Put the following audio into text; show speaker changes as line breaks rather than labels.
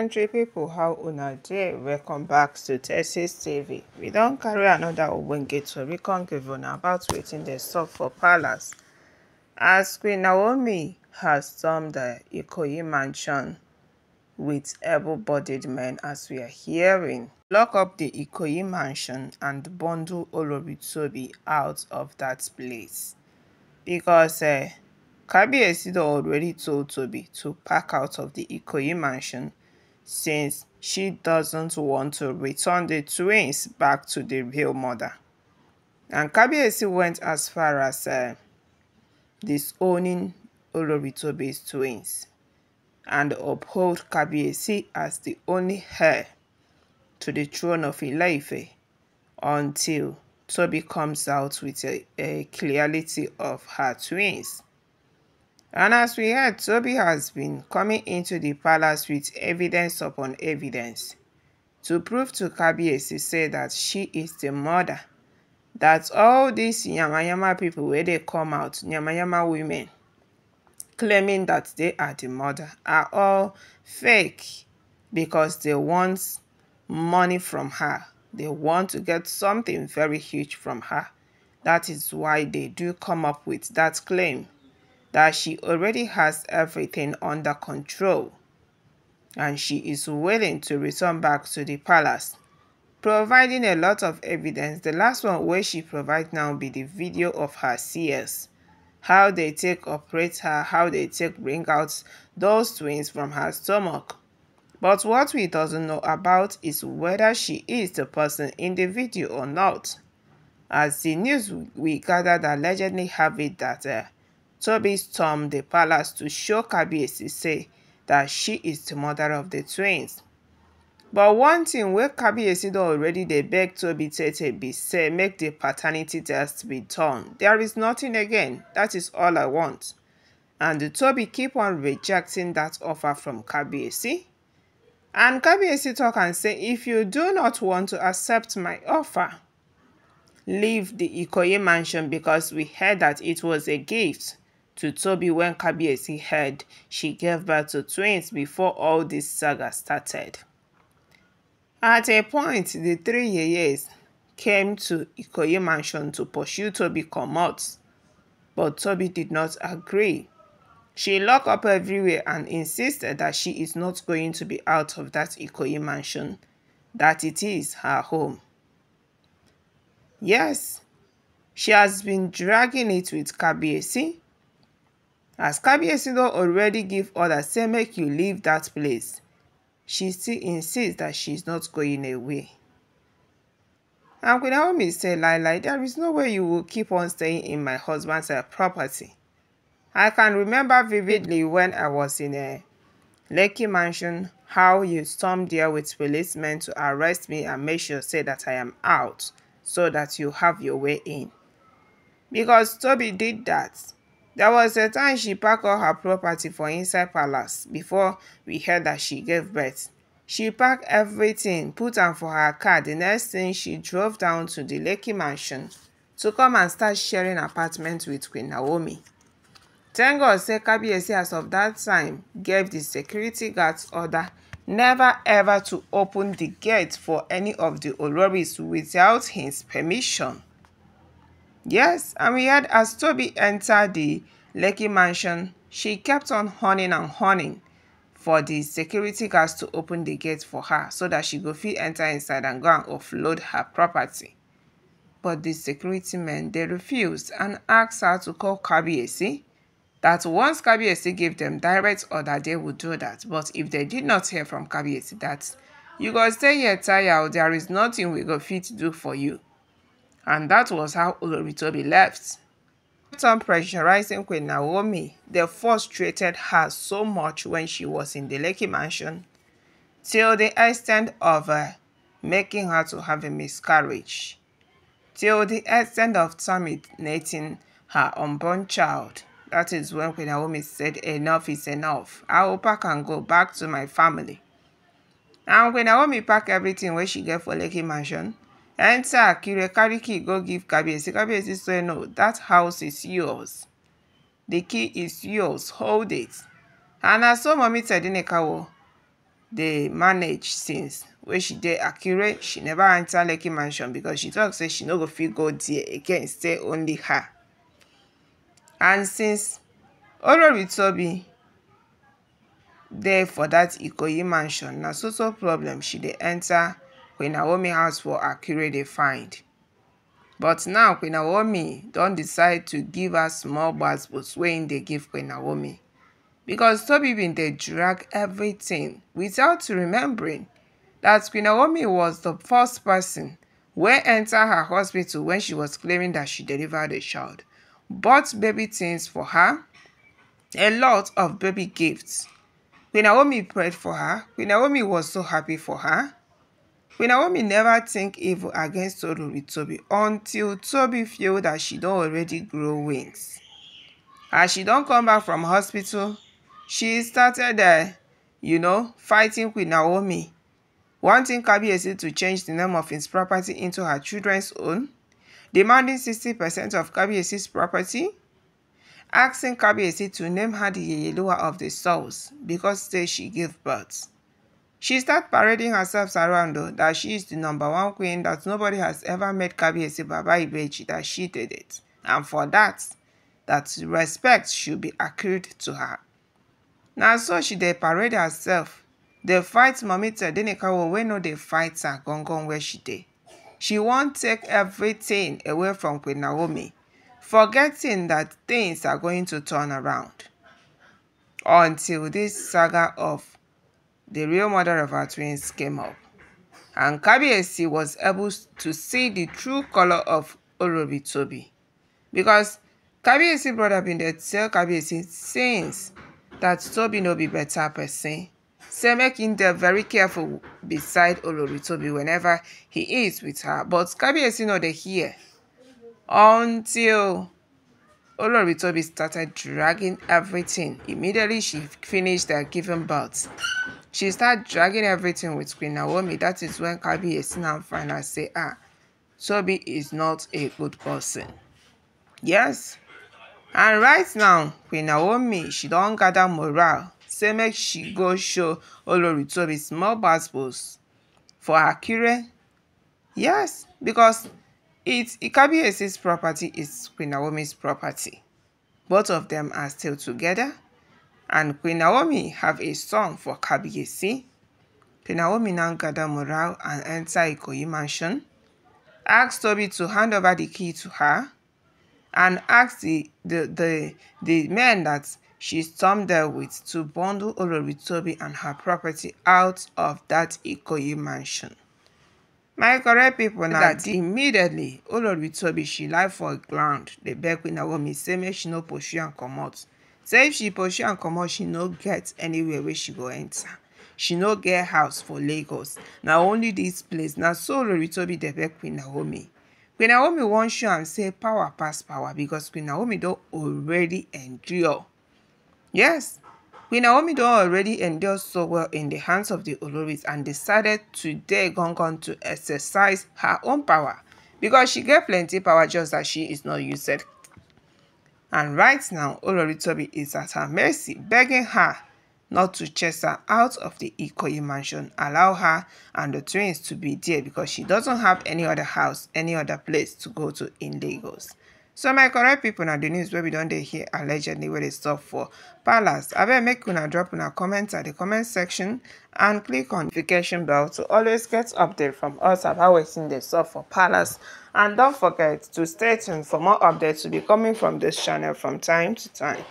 country people, how una dey welcome back to texas tv we don carry so ogbonge can't give una about wetin dey sup for palace as queen naomi has stormed the ikoyi mansion with able-bodied men as we are hearing lock up the ikoyi mansion and bundle oloritobi out of that place because uh, Kabiyesi already told Toby to pack out of the Ikoyi mansion since she doesn't want to return the twins back to the real mother. And Kabiesi went as far as uh, disowning Oloritobe's twins and uphold Kabiesi as the only heir to the throne of Ileife until Toby comes out with a, a clarity of her twins. And as we heard, Toby has been coming into the palace with evidence upon evidence to prove to to say that she is the mother. That all these Yamayama people, where they come out, Yamayama women, claiming that they are the mother, are all fake because they want money from her. They want to get something very huge from her. That is why they do come up with that claim that she already has everything under control and she is willing to return back to the palace providing a lot of evidence the last one where she provide now be the video of her seers how they take operate her how they take bring out those twins from her stomach but what we doesn't know about is whether she is the person in the video or not as the news we gathered allegedly have it that uh, Toby stormed the palace to show Kabiesi say that she is the mother of the twins. But one thing where Kabiyesi don already they beg Toby Tete be say make the paternity test be done. There is nothing again. That is all I want. And Toby keep on rejecting that offer from Kabiyesi. And Kabiyesi talk and say if you do not want to accept my offer, leave the Ikoye mansion because we heard that it was a gift to Toby when Kabiesi heard she gave birth to twins before all this saga started. At a point, the three yeyes came to Ikoyi mansion to pursue Toby Komot, but Toby did not agree. She locked up everywhere and insisted that she is not going to be out of that Ikoyi mansion, that it is her home. Yes, she has been dragging it with Kabiesi as Kabiyesido already give orders say make you leave that place, she still insists that she is not going away. And Queen Naomi said, Lailai, there is no way you will keep on staying in my husband's uh, property. I can remember vividly when I was in a uh, Lekki mansion how you stormed there with policemen to arrest me and make sure say that I am out so that you have your way in. Because Toby did that. There was a time she packed all her property for inside palace before we heard that she gave birth. She packed everything, put am for her car. The next thing, she drove down to the Lakey mansion to come and start sharing apartment with Queen Naomi. Thank God say Kabiyesi as of that time gave the security guards order never ever to open the gate for any of the Oloris without his permission. Yes, and we heard as Toby entered the Lekki mansion, she kept on honing and honing for the security guards to open the gate for her so that she go fit enter inside and go and offload her property. But the security men, they refused and asked her to call Kabiesi. That once Kabiesi gave them direct order, they would do that. But if they did not hear from Kabiesi that, you go stay here tired, there is nothing we go fit do for you and that was how Oloritobi left. Some pressurizing Queen Naomi, they frustrated her so much when she was in the Lekki mansion, till the extent of uh, making her to have a miscarriage, till the extent of terminating her unborn child. That is when Queen Naomi said, enough is enough. I hope I can go back to my family. And Queen Naomi packed everything where she get for Lekki mansion, enter Akire key go give Kabiyesi. Kabiyesi said, no, that house is yours. The key is yours. Hold it. And na so Mummy Tedinnekawo dey manage since wey she dey Akire, she never enter Lekki Mansion because she talk say she no go fit go there again, stay only her. And since Olori Tobi dey for that Ikoyi Mansion, na so so problem she dey enter Queen Naomi asked for cure, they find. But now Queen Naomi don't decide to give her small basbos when they give Queen Naomi. Because Toby bin they drag everything without remembering that Queen Naomi was the first person where enter her hospital when she was claiming that she delivered a child. Bought baby things for her, a lot of baby gifts. Queen Naomi prayed for her. Queen Naomi was so happy for her. Naomi never think evil against Olori until Toby feel that she don't already grow wings. As she don't come back from hospital, she started, uh, you know, fighting with Naomi, wanting Kabiyesi to change the name of his property into her children's own, demanding 60% of Kabiyesi's property, asking Kabiyesi to name her the Yeyeluwa of the souls because they she gave birth. She start parading herself around though, that she is the number one queen, that nobody has ever met Kabiesi Baba Ibeji, that she did it. And for that, that respect should be accrued to her. Now, so she dey parade herself, dey fight Mummy Tedinikawo wey no dey fight her gangan where she dey. She won't take everything away from Queen Naomi, forgetting that things are going to turn around. Until this saga of the real mother of our twins, came up, and Kabiesi was able to see the true color of Orobi Tobi because Kabiesi brought up in the tell Kabiesi since that Tobi no be better person. Say making him very careful beside Orobi Tobi whenever he is with her. But Kabiesi no dey hear until Olori Tobi started dragging everything. Immediately she finished her giving birth. she start dragging everything with Queen Naomi. That is when Kabiyesi now finally say, ah, Tobi is not a good person. Yes. And right now, Queen Naomi, she don gather morale, say make she go show Olori Tobi small passports for her kire. Yes, because it Kabiyesi's property is Queen Naomi's property. Both of them are still together and Queen Naomi have a son for Kabiyesi. Queen Naomi now gather morale and enter Ikoyi mansion, asks Toby to hand over the key to her, and asks the, the, the, the men that she stormed there with to bundle Olori Toby and her property out of that Ikoyi mansion. my correct people na that immediately oloritobi she lie for ground dey beg queen naomi say make she no pursue come out say if she pursue am comot she no get anywhere wey she go enter she no get house for lagos na only dis place na so oloritobi debe queen naomi queen naomi wan show am say power pass power because queen naomi don already endure yes queen naomi don already endure so well in the hands of the oloris and decided today gangan to exercise her own power because she get plenty power just that she is not used And right now, Oloritobi is at her mercy, begging her not to chase her out of the Ikoyi mansion. Allow her and the twins to be there because she doesn't have any other house, any other place to go to in Lagos so my correct people, na the news where we don't dey hear allegedly where they stop for palace I abeg make una drop una comment at the comment section and click on notification bell to always get update from us about wetin the stuff for palace and don't forget to stay tuned for more updates to be coming from this channel from time to time